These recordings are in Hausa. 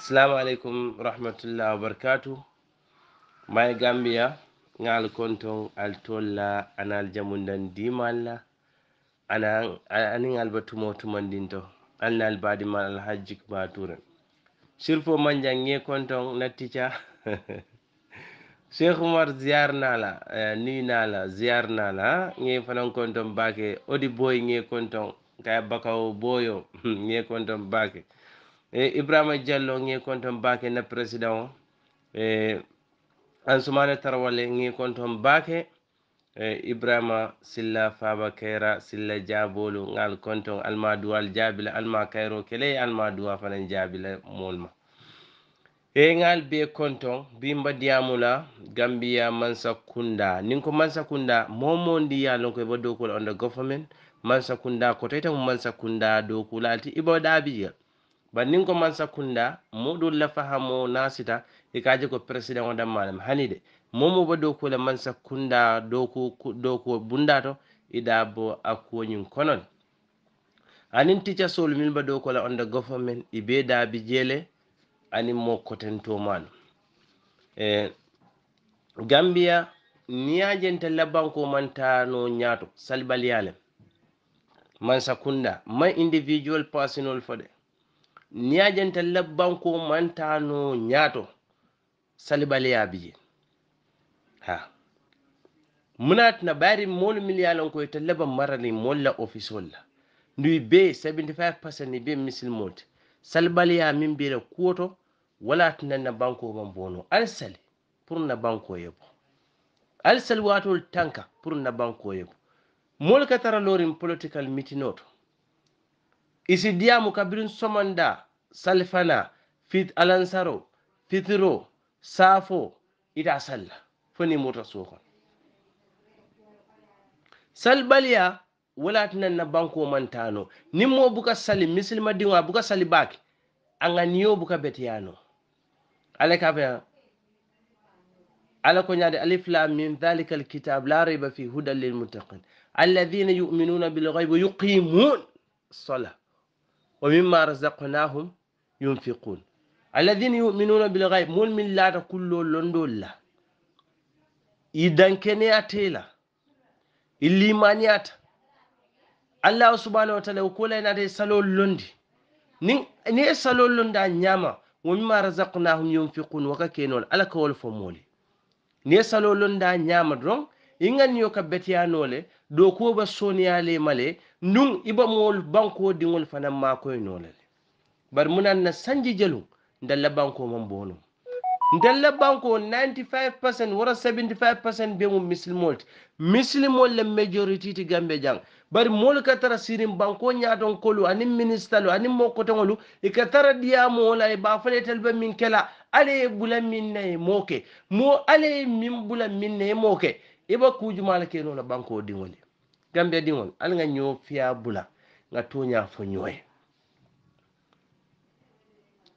assalamu aleykum rahmatullah wabarkatu may gambia ngal konton altolla anal jamudan dima allah aniŋal ba tumo tumandinto alnal badimal alhajjik baturan surpo manjangie konton nattica cheikh umar ziar nala eh, ni nala ziar nala ŋe fanan konton bake odi boy ŋe konton kaya bakaw boyo ŋe konton bake e ibrahima diallo ŋe kon toon baake ne président o eh, e ansumane tarawalle ŋe kon toon baake e ibrahima silla faba kayra silla diabolu ŋal kon toon alma duwal diabila alma kayro keley alma duwa fanan diabila molma e ŋal bee kon toon bimba diyamula gambiya mansakunda nin ko mansakunda momondi ya lon koye ba dokula on de gouvernement mansakunda ko toyta mo mansakunda dokula alti iba ɗaabijal bannin ko man sakkunda muɗum lafaha mo nasita ekaji ko président o dammanam hani de momo ba dokula man sakkunda dokuo bunda to ida e bo akuwoñin konon anin tica sol min ba dokola onda government i e be daabi jeele anin mo kotento manu e gambiya niyajenta labbanko mantano ñaato salbaliyalem man sakkunda ma individual pasinol fo de niyajentel no nyato ñaato ya biye ha munatina bayri bari mil ye ko koye te leba marali molla la officiol la nduy 75 percent ni be misilmol te ya min be la wala tinan na banko man bono alsal pour na banko yebo alsal watol tanka pour na banko yebo moolu ka tara lorin political mitinoto isidiyamu kabirin somonda salfana fit alansaro fitiro safo ita salla foni mota sokon salbaliya walatinan na banko mantano nimmo buka sali misilma dinwa buka sali baki anga niyoo buka betiyano ala kafa ala ko ñaade alif lam min dhalika alkitab la rayba fi hudan lilmuttaqin alladhina yu'minuna bilghaybi yuqimun الصلاه ومما رزقناهم ينفقون الذين يؤمنون بالغيب مول من لا تقولوا لندول لا إذن كنياتيلا إليمانيات الله سبحانه وتعالى وكل إن هذا سلول لندي نين نين سلول لندا نياما ومما رزقناهم ينفقون وككينون على كول فمولي نين سلول لندا نياما درون إنغان يوكا بتيانولي دوكوبا سونيالي مالي nun ibamol banko dingol fanan makoye nolal bar munan na sanji jalu ndalla banko man bono ndalla banko 95% wara 75% be mum muslimol muslimol la majority ti gambe jang bari molu ka tara sirin banko ñaton kolu ani ministalu anin mo kotoŋolu i ka tara diyamowola i ba faletel be min kela ale bula min na ye mo ala min bula min na ye moo ke i banko diŋoli gambia diŋol al nga ñoo fiya bula nga to ñaa fo ñoy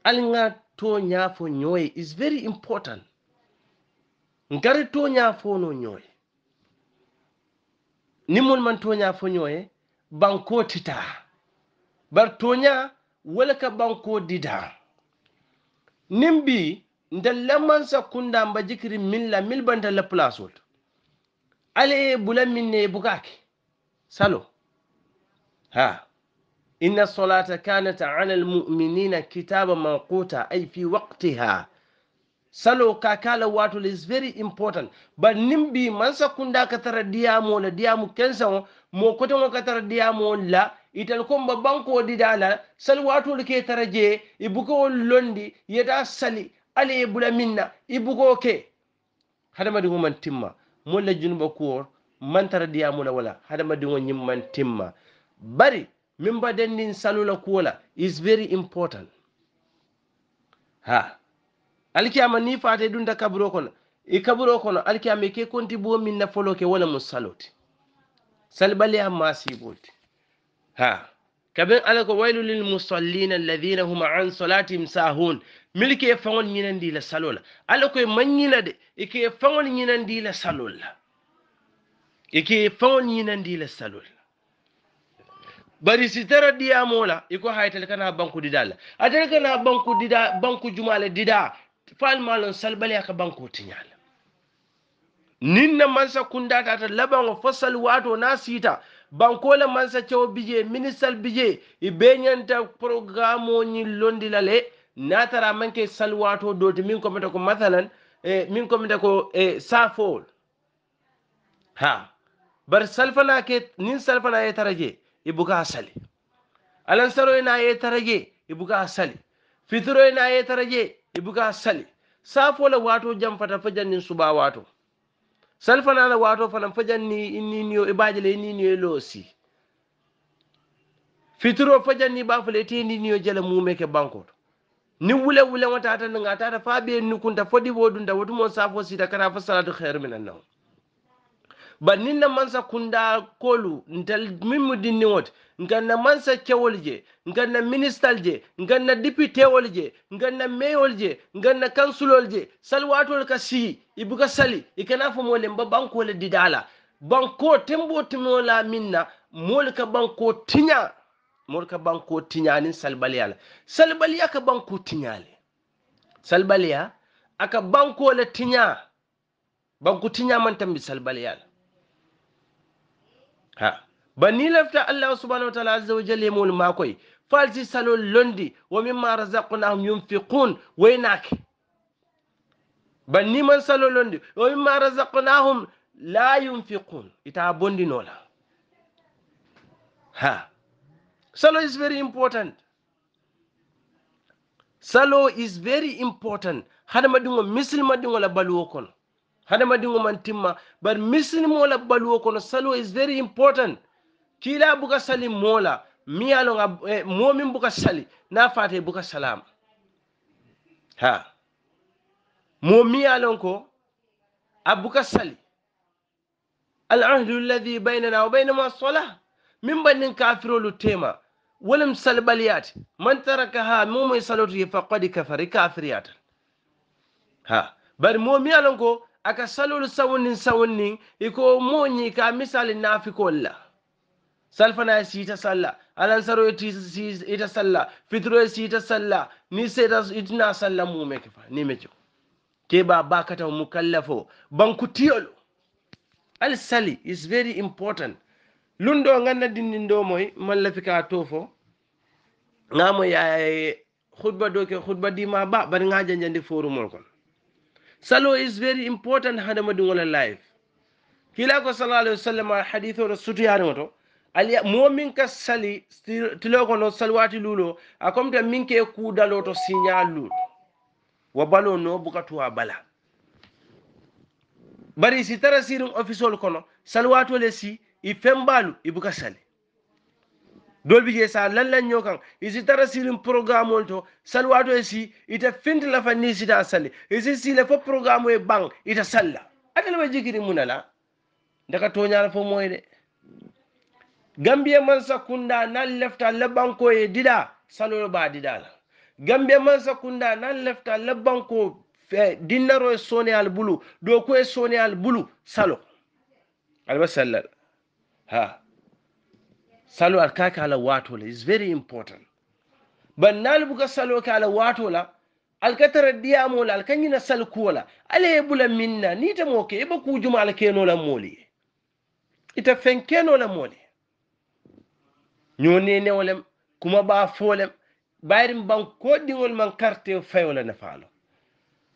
al nga to ñaa fo ñoy is very important ngari to no ñoy ni nimmol man to ñaa fo ñoy banko tita bar to ñaa wala ka banko dida nimbi bi lamman sa kunda mba jikri min la mil banta la place wol ale bula min ne bukake salo ha inna salata kanat ala almuminina kitaba manquta ay fi waqtiha salo ka kala wato is very important bar nin bi man sakunda ka tara diyamo la diyamu kensa mo koton ka tara diyamo la ital babban ko didala sal wato ke tara je ibuko londi yeda sali ale bula minna ibuko ke hadama di man timma mo la junba Mantar tara diyamuna wala hadamadin wani mantin timma bari ba dandin salula kuwala is very important ha alkiyama ni fata idun da kaburo kono i kaburo kono alkiyama ke konti buwa min na folo ke wala musaloti salo masu yi ha kabin alaka ko lil musallina alladhina hum an salatihim sahun milke faŋol ñinandi la salo salola. ala de i fangon faŋol dila salola ike nan di la salol bari si tara diya mola iko haytal kana banku didala atel kana banku dida banku jumala dida fal malon salbale aka banku tinyala ninna mansa kunda tata laban wa fasal wato na sita bankola mansa cewa bije minisal bije ibenyanta programo ni londilale na tara manke salwato doti min komita ko Masalan, eh, min komita ko eh, safol ha bar salfana ke nin salfana ye taraje ibuga asali alansaro na ye taraje ibuga asali fitiro na ye taraje ibuga asali safo la wato jam fata fajan nin suba wato salfana la wato fana fajan ni ni ni ni inninio losi fitiro fajan ni ba fule te niyo jala meke banko ni wule wule wata ta nga ta fa be nukunta fodi wodunta wotumon safo sita kana fa salatu khair minan nawm ba ninna mansa kunda kolu ntal mimu dinni wot nganna mansa kewol je nganna ministal je nganna dipitewol je nganna meyol je nganna kansulol je salwatol ka sihi ibuka sali ikana fo mba ba bankole didala banko tembo la minna mol ka banko tinya mol ka banko ni salbaliya la salbaliya ka banko tinyale salbaliya aka banko la tinya banko tinya man tambi salbaliya la ha ni lafta allah subhanahu wa taala azza wa jalla mol makoy falti salon londi wo mimma razaqnahum yunfiqun Ban ni man salo londi wo mimma razaqnahum la yunfiqun ita nola ha salo is very important salo is very important haɗa maɗin misil misilma ɗin baluwo kono hadamadiŋo man timma bari misilimo la baluwa kono salo is very important kiila buka sali moo la miŋ ye a loŋ eh, momin miŋ buka sali na a i buka salama ha Mo miya ye ko a sali alahdu alladi bainana wa bainama sola min bannin kafirolu tema wolem salbaliyati man tarakaha momoye saloto ye faqad kafari kafiriyatan ha bari mo ko aka salulu sawunnin sawunnin iko moñi ka misali na nafikol la salfana si ta salla alansaro ita salla fitro si ta salla ni sai da itina salla mu me kifa ni meke ke ba ba kata mukallafo banku tiyolo al sali is very important lundo nganda dindin do moy mallafi ka tofo ngamo ya khutba do ke khutba di ma ba bari nga janjandi forumol kon salo is very important hadamaɗugola life kila ko alah wa sallam a hadith oto sutuyanigo to aliya momin ka sali tiloko no salwati lulo a comta min ke to siñal wa balo no bukatuwa bala bari si tara sirin ofisol kono salwatole si i fembalu i buka sali dol bije sa lallan yo kan isi tara silin programme ol to salwato e si ita finti lafa ni sita salli isi sile fo programme e bang ita salla adala ba jikiri munala daga toñala fo moy de gambie man sakunda nan lefta labbanko e dida salolo ba dida la. gambie man sakunda nan lefta labbanko dinnaro e soneyal bulu dow ko e soneyal bulu salo alba sallal ha salo alka wato watola is very important bannal buga salo kala watola alkatara diyamola alkanyina salkuwola ala ye bula minna nita moke iba kujuma la moli ita fenkenola moli ñonenewolem kuma ba folem bayrim ko dingol man karte fayola falo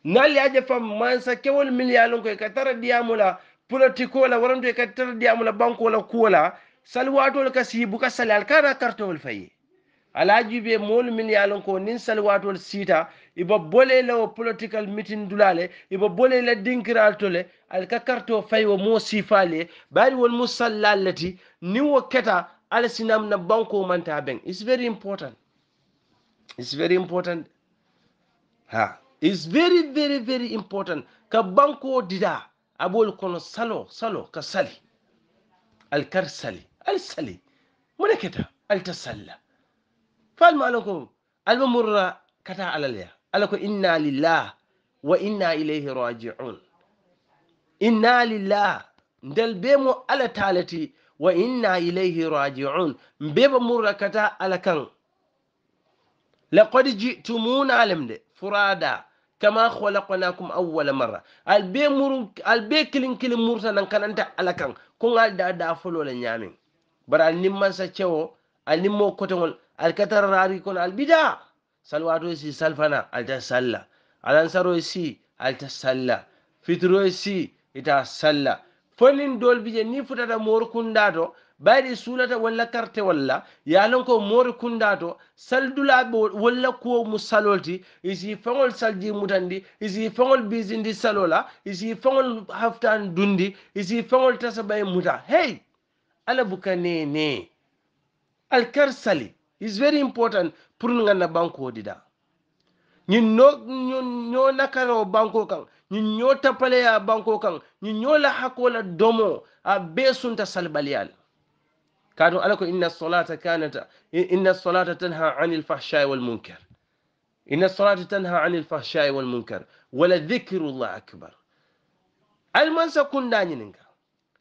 nal yaje fam mansa kewol miliyalon ko ka tara diyamola politiko la waranto ka tara diyamola banko la kuwala salwatol ka si buka sali al kana kartowol fayi alaji be moolu min ye lon ko nin salwatol siita iba bole la wo political meeting dulale iba bole la dinkiral to le al ka karto fayi wo moo sifaale bari wol mu sallal nin wo keta ala sinam na banko manta ben it's very important it's very important ha it's very very very important ka banko dida abol kono salo salo ka sali alkar sali Al alsali mune keta alta salla falma alako alba murra kata alalya alako inna lillah wa inna ilayhi raji'un inna lillah ndel be mo ala talati wa inna ilayhi raji'un mbeba murra kata ala kan laqad ji'tumuna alamde furada kama khalaqnakum awwala marra albe muru albe kilin kilin murta nan kananta ala kan kun da da folo la nyamin bara al nimmansa cewo al nimmo kotogol al katara raari kono al bida salwato si salfana alta salla alansaro si alta salla fitiro si ita salla fonin dolbije ni futata mor kundato bayɗi suulata walla karte walla yalon ko mori kundato saldulaɓe walla kuwo mu salolti isi fangol salji mutandi isi fangol bizindi salola isi fangol haftan dundi isi fangol tasa ɓaye muta hey ala buka ne. alkar sali is very important pour nga na banko dida ñin no ño nakano banko kan ñin ño ya banko kan ñin ño la hakola domo a be sunta salbaliyal kadu ala ko inna salata kanat inna salata tanha anil fahshai wal munkar إن الصلاة تنهى عن الفحشاء والمنكر ولذكر الله akbar alman sakunda دانينك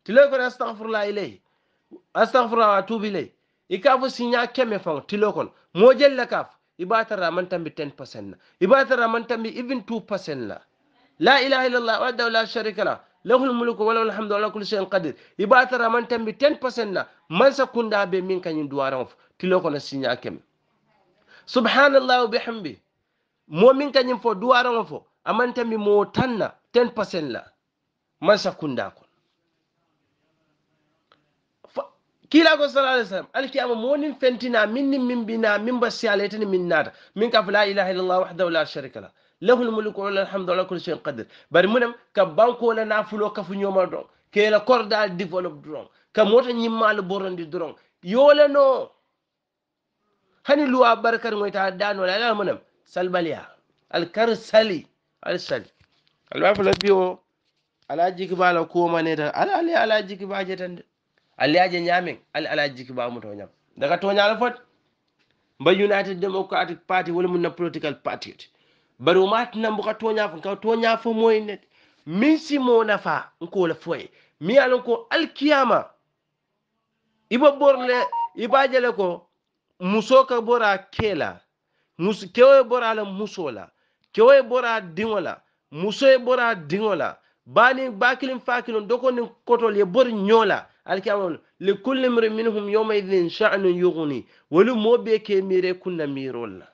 تلاقوا ko astaghfirullah ilayhi astaghfirullah wa atubu ilayh ikafo sinya keme fang tilo kono mo jella kaf ibatara man tambi 10% na ibatara man tambi even 2% la la ilaha illallah wahdahu la sharika la له الملك وله الحمد وله كل شيء قدير يباتر من تم 10% نا من سكوندا بي مين كان دوارون تلو كون سينيا كم سبحان الله وبحمده مو مين كان فو دوارون فو امان تم مو تن 10% لا من سكوندا كون كي لا قصر على السلام قالك يا مون فنتنا من من بنا من بس عليتني من نار من كف لا إله إلا الله وحده ولا شريك له له الملك وله الحمد لله كل شيء قدر برمونم كبانك ولا نافل وكف نيوم الدرون كي لا كوردا ديفولوب درون كموت نيما لبورن دي يولا نو هني لو أبارك رمي تعدان ولا لا منم سلبا ليا الكرسلي الكرسلي الوافل بيو على جيك بالكومة نيدا على علي على جيك باجتند aliyaje ñaameŋ ali ala jiki baamu to nyam daga toñala fot ba united democratic party wala mun na political party ti mat wo maatinan ka to fo ka toña fo moyi ne min simo nafa nko la foy mi ye ko al kiyama ibo borle iba jele ko muso ka bora kela muso kewo bora la muso la kewo bora dingo la muso bora dingo la bani bakilin fakilin ni kotol ye bori nyola. alkawon likulli mri minhum yawmaidhin sha'nun yughni ke mire kunna mirolla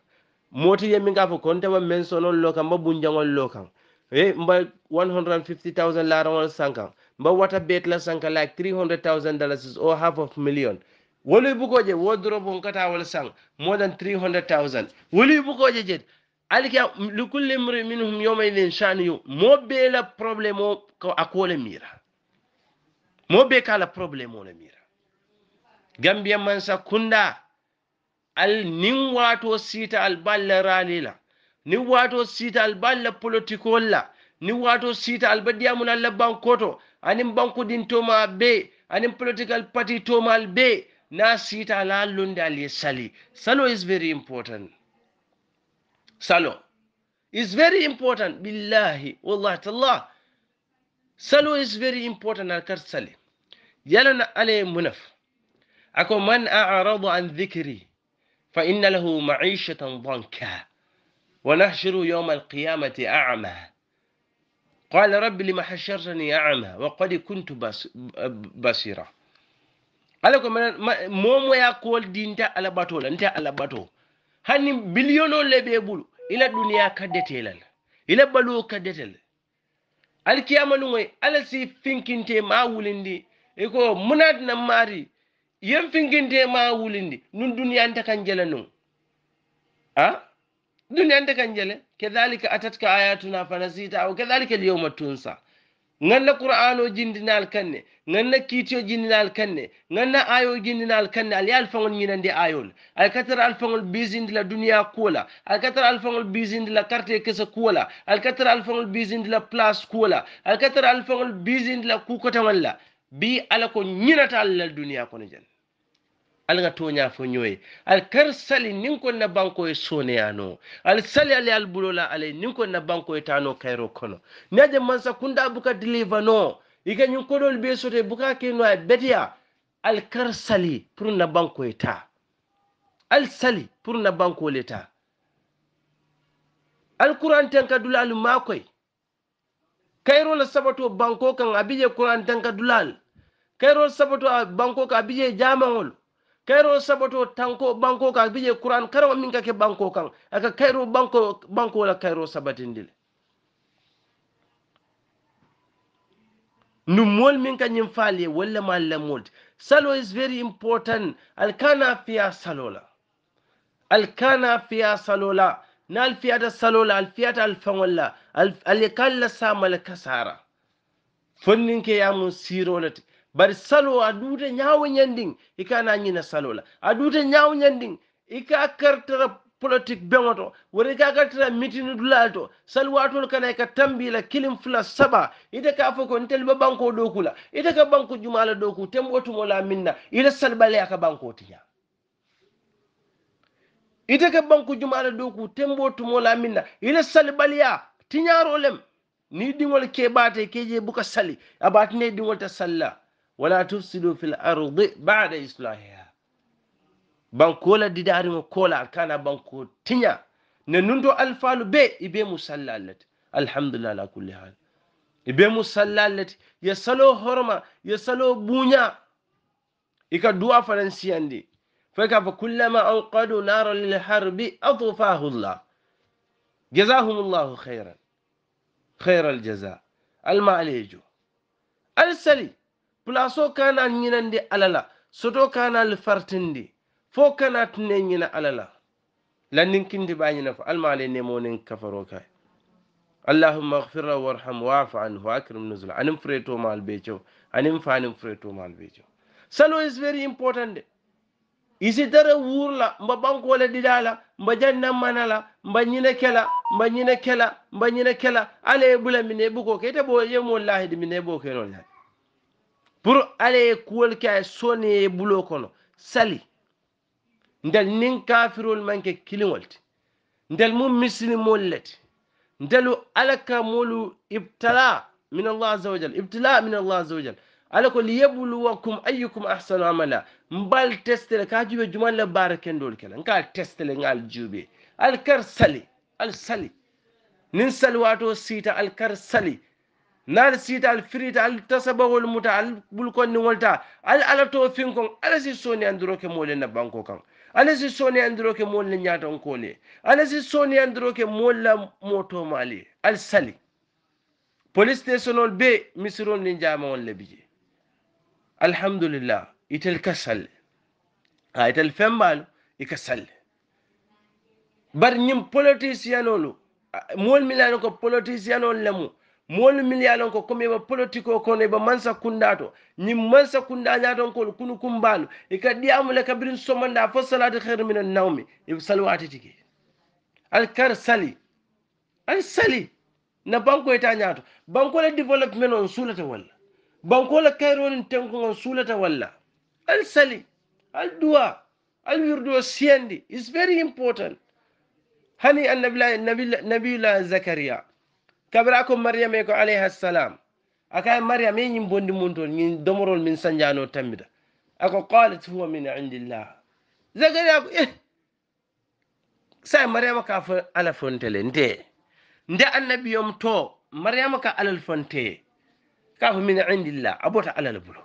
moti yemmi ga fo a men sonol lo kam mba bunjagol lo kam e mba 150000 laragol sankan mba wata betla sanka like 300000 dollars o half of million wolu bugoje wodrobe more than 300000 alika minhum mo bela ko akole mira mo be kala problem ona mira gambiya mansa kunda al nin wato sita al balla ralila nin wato sita al balla politikol la ni wato sita al badiyamul alla bankoto anin bankudin toma be anin political party tomal be na sita al allunde al ye sali salo is very important salo is very important billahi wallahi tallah salo is very important alkar sale yalana ale munaf ako man a'rada an dhikri fa inna lahu ma'ishatan dhanka wa nahshuru yawm alqiyamati a'ma قال رب لما حشرتني أعمى وقد كنت بصيرا ala ko menen momoya kool dinta ala bato la nte ala bato hanni biliyonol le ɓe ɓulu ila duniya kaddete lal ila baluwo kaddete alkiyamaluŋoy ala si finkinte ma wulindi iko munat na mari yen finkinte ma wulindi nun nta kan jele nun a nta kan jele kedhalika atatka ayatuna fanasita au kedhalika liyoma tunsa ganna qur'ano jindinal kanne na kiitiyo jindinal kanne ganna ayo jindinal kanne ali alfaŋol ñinandi e ayol ay katara alfaŋol bisindi la duniya kuwola ay katara alfaŋol bisindi la carte kesa kuwola ay katara alfaŋol bisindi la place kuwola ay katara alfaŋol bisindi la kukotaŋol la bi ala ko ñinata alla la duniya kono jan al ga toña fo ñoye al kar sali nin kon na bankoye soneyano al sali ale al bulola ale, nin kon na bankoye tano kayro kono je mansa kunda buka deliver no iga ñin koɗol be sote buka keno a betiya al kar sali pour na bankoye ta al sali pour na le ta al kuran ten ka dulal makoy kayro la sabato banko kan abije kuran ten ka dulal kayro sabato banko kan abije jamaŋol kayro saboto tanko banko kan biye qur'an karo min ke banko kan aka kayro banko banko la kayro nu mol min ka nyim faali wala ma lamolti salo is very important alkana fiya salola alkana fiya salola na da salola fiya al alfaŋolla sa samala kasara ya mun sirolati bari salo a duta nyawo i ika na nyina salo la a duta nyawo i ika kartara politik beŋo to ka kartara mitini dulalto to salwatol kana ka tambila kilim fula saba ita ka fa ko ntel ba banko dokula la ka banko juma doku tembo tumo la ila salbale a ka banko tiya ita ka banko juma doku tembo tumo la minna na ila salbaliya tiñaro lem ni dingol ke baate keje buka sali abatine dingol ta salla ولا تفسدوا في الأرض بعد إصلاحها بانكولا ديدار وكولا كان بانكو تنيا ننندو ألفال بي إبي مسلالت الحمد لله على كل حال إبي مسلالت يسلو هرما يسلو بونيا إكا دوا فرنسيان دي فإكا فكلما أنقدوا نارا للحرب أطفاه الله جزاهم الله خيرا خير الجزاء المعليجو السلي plaso kana ñinandi alala soto kana l fartindi fo kana tine ñina alala lannin kindi ba ñina fo alma ale nemo nin kafaro kay allahumma ighfir lahu warham wa'fu anhu wa akrim nuzul anim freto mal be cew anin fanin freto mal be cew salo is very important de isitara wurla mba bankole didala mba janna manala mba ñina kela mba ñina kela mba ñina kela ala e bula mine buko kete bo yemo mo lahi mine bo kenol lahi pour ala ye kuwol ke a buloo kono sali ndel nin kafirol manke ke kiliŋol ti ndel mu misilimol le ti ndelu ala ka molu ibtala min allah aza wajal ibtila min allah aza wajal ala ko liyabluwakum ayukum ahsanu amala mbal teste ka juube juman le baara kendol kela nka teste ŋal juube kar sali al sali Nin sali wato siita kar sali naata sita al firita al wal muta al ɓulkonniwol ta al ala to fin kon ala si soni ke mole na banko kan ala si soni andiroke mol na ñatankole ala si soni ke mole moto mali al sali police station ol be misron ni jama le bije alhamdulillah itel kasal salle ha itel fembaalo ika salle bar ñim politicienolu mol milano ko politicienol le moolu minnu ko komi ba politiko kono i ba mansa kundato, to ñiŋ mansa kunda ñaaton ko kunu kumbaalu i ka diyaamu le kabiriŋ somanda fo salati heru mina nawmi i be saliwaati al kar sali al sali na banko ita ñaato banko le development on suulata walla banko le kayroonin tenko on suulata walla al sali al duwa al wirdo siyandi is very important hani Nabila nabiyula zakaria kabira ko maryam e ko alayhi salam akay maryam e ñim bondi mun ton nyim domorol min sanjano tamida ako qalat huwa min indillah zakaria ko eh sai maryama ka fa ala fontele nte nde yom to maryama ka ala fonte ka fa min indillah abota ala bulo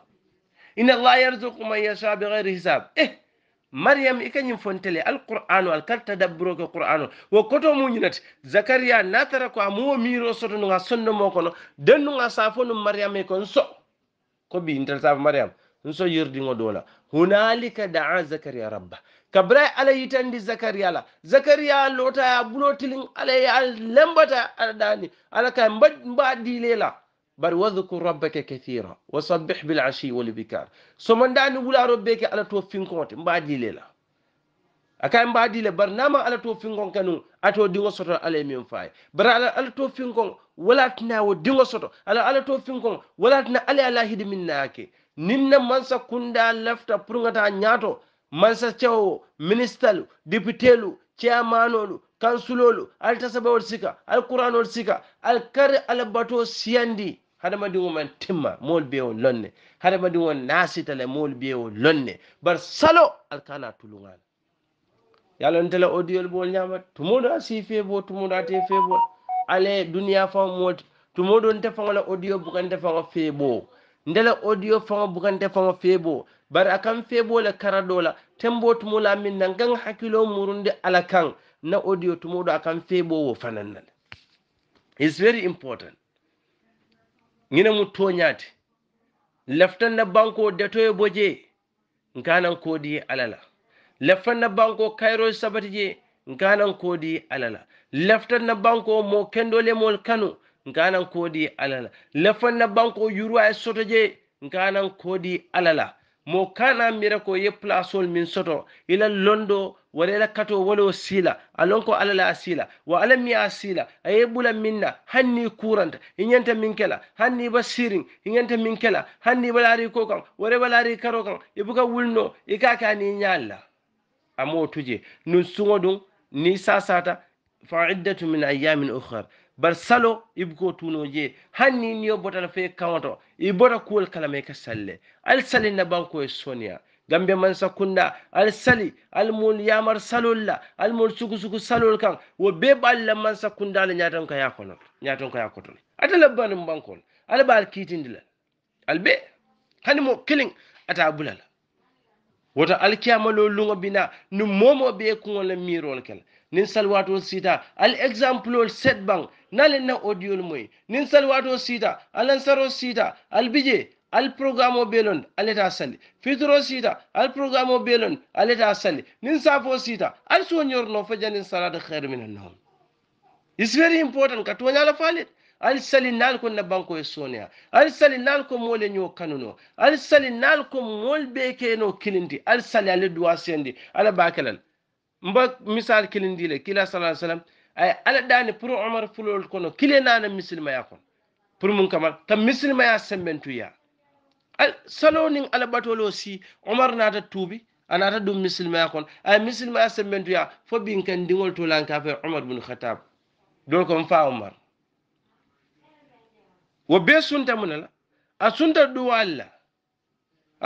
inna allah yarzuqu man yasha bighayri hisab eh maryam i kañin fontele alqur'anu alkal tadabburoke qur'anu wo koto muñinati zakariya natara ko amuwo miro soto nuga sondomo kono dennuga safo num maryam e ko n so ko bi intel safo maryam n so yirdiŋo dola hunalika daa zakariya rabba kabira e ala yitandi zakariya la zakariya lota ya bulo tilin ala ya lembata ala ala ka mba dile la bari wadhkur rabbaka kathira wasabbih bil ashi wal bikar so man ni wula ke ala to finkonte le la akay le bar nama ala to gon kanu ato dingo soto ala min fay bar ala ala to gon wala tina wo dingo soto ala ala to gon wala tina ala ala hidi minnake ninna sa kunda lafta purngata nyato mansa cewo ministalu deputelu chairmanolu kansulolu altasabawol sika alquranol sika alkari Bato Siandi. hadamadiŋo maŋ timma mol be wo loŋ ne hadamadiŋo naasita le mol be wo loŋ Bar salo ali ka naa tuluŋa le ye a le odiyolu boolu ñaama tumodo a febo feeboo tumodo ate febo ale duniyaa faŋo moolu ti tumodo nte faŋo le odiyo bukante faŋo feeboo nte le odiyo faŋo bukante faŋo feeboo bari a kaŋ feeboo le kara doo la temboo tumo la miŋ naŋ kaŋ hakkiloo ala kaŋ na odiyo tumodo a kaŋ feeboo wo fanaŋ na is very important ngina mu leftan na banko detoye bo boje nkanan kodi alala na banko kairo sabati je nkanan kodi alala na banko mo kendole mol kanu nkanan kodi alala na banko yuruwa Sotoje, soto je nkanan kodi alala mo kana mira ko ye plasol min soto ila londo wala ila kato wala sila alon ko ala la sila wa ala mi a aye bula minna hanni kuranta inyanta min hanni ba sirin inyanta min kala hanni balari ko kan wala balari karo kan ibuka wulno ikaka ni nyalla amo tuje nun sungo dun ni sasata fa min ayamin ukhra bar salo tuno je hanni niyo botal fe kawoto i bota kuwol kala may ka salle al sali na banko e sonia gambe man sakunda al sali al mul yamar salolla la al mul suku suku salol kan wo be balla man sakunda la nyaton ka yakono nyaton ka yakoto ata labban banko al bal kitindila al be hanni mo killing ata bulala wota kiyama lo lungo bina nu momo be kuŋol la mirol kela nin salwato sita al exemplol set bank. nalen na audio moy nin salwato sita ansaro sita albije al programo o belon aleta sali fitro sita al programo o belon aleta sali nin safo sita al soñorno fo janin salata heure minen noon is very important ka toñala falit Al sali nal ko na banko e sonia Al sali nal ko mole nyo kanuno Al sali nal ko mol be keno kilindi Al sali al duwa sendi ala bakelal مبك مثال كلين ديله كلا صلى الله عليه وسلم أي على داني برو عمر فلول كنا كلنا أنا مثل ما يكون برو من كمال تم مثل ما يحسن بنتو يا سلونين على باتولوسي عمر نادا توبي أنا أرد مثل ما يكون أي مثل ما يحسن بنتو يا فبين كان دينول تولان كافر عمر بن الخطاب دول كم فا عمر وبيسون تمنا لا أسون تدوال لا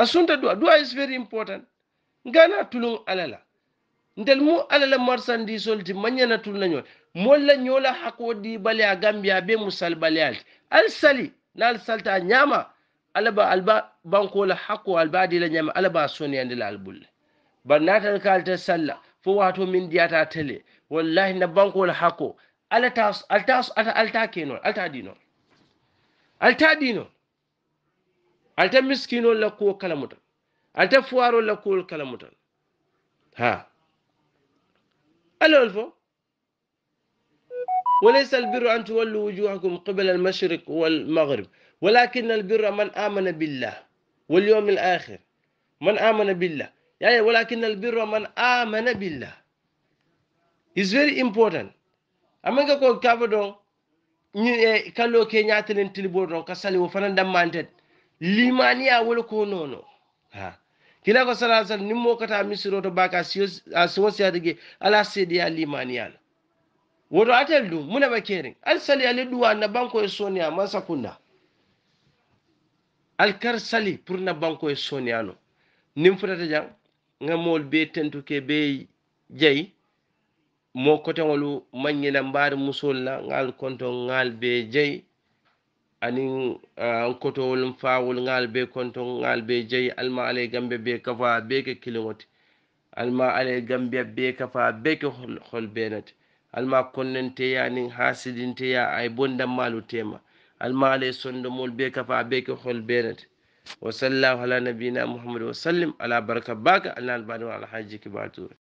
أسون تدوال دوال is very important غانا تلون على لا ndel mu alala marsandisol ti mañana na ñol molla ñola hako di bale a gambia be musal bale al sali na al salta ñama alaba alba la hako albadi la ñama alaba soniyande la albulle bar natal kalta salla fo wato min diyata tele wallahi na la hako Al ta alta n'o, al ta di n'o, al ta miskino la ko kalamutan ta fuaro la ko kalamutan ha الألفا وليس البر أن تولوا وجوهكم قبل المشرق والمغرب ولكن البر من آمن بالله واليوم الآخر من آمن بالله يعني ولكن البر من آمن بالله is very important amanga ko kabado ni e kallo ke nyaatalen tilbo don ka sali wo fanan dammantet limaniya wala ko nono ha Kila kilako sala ni nimmo kata misiroto baka a siya siyatige ala seediya limaniyala woto atel muna ba keren al sali ali duwa na banko ya soniya man sakunda kar sali pur na banko soni soniya no nin futata jang gamol be ke be jayi mo koteŋolu mañina mbaari musol la ngal konto ngal be jayi anin eh, an kotowolum fawol ngal be konton ngal be jeyi alma alay gambe be kafa be ke kiliŋoti alma alay gambe be kafa be ke hol benati alma konnenteya nin ya ay malu tema alma alay mol be kafa be ke hol benati wa sallallahu ala nabina muhammad wa sallim ala baraka baka alnaalbani wa alhaji Kibatu.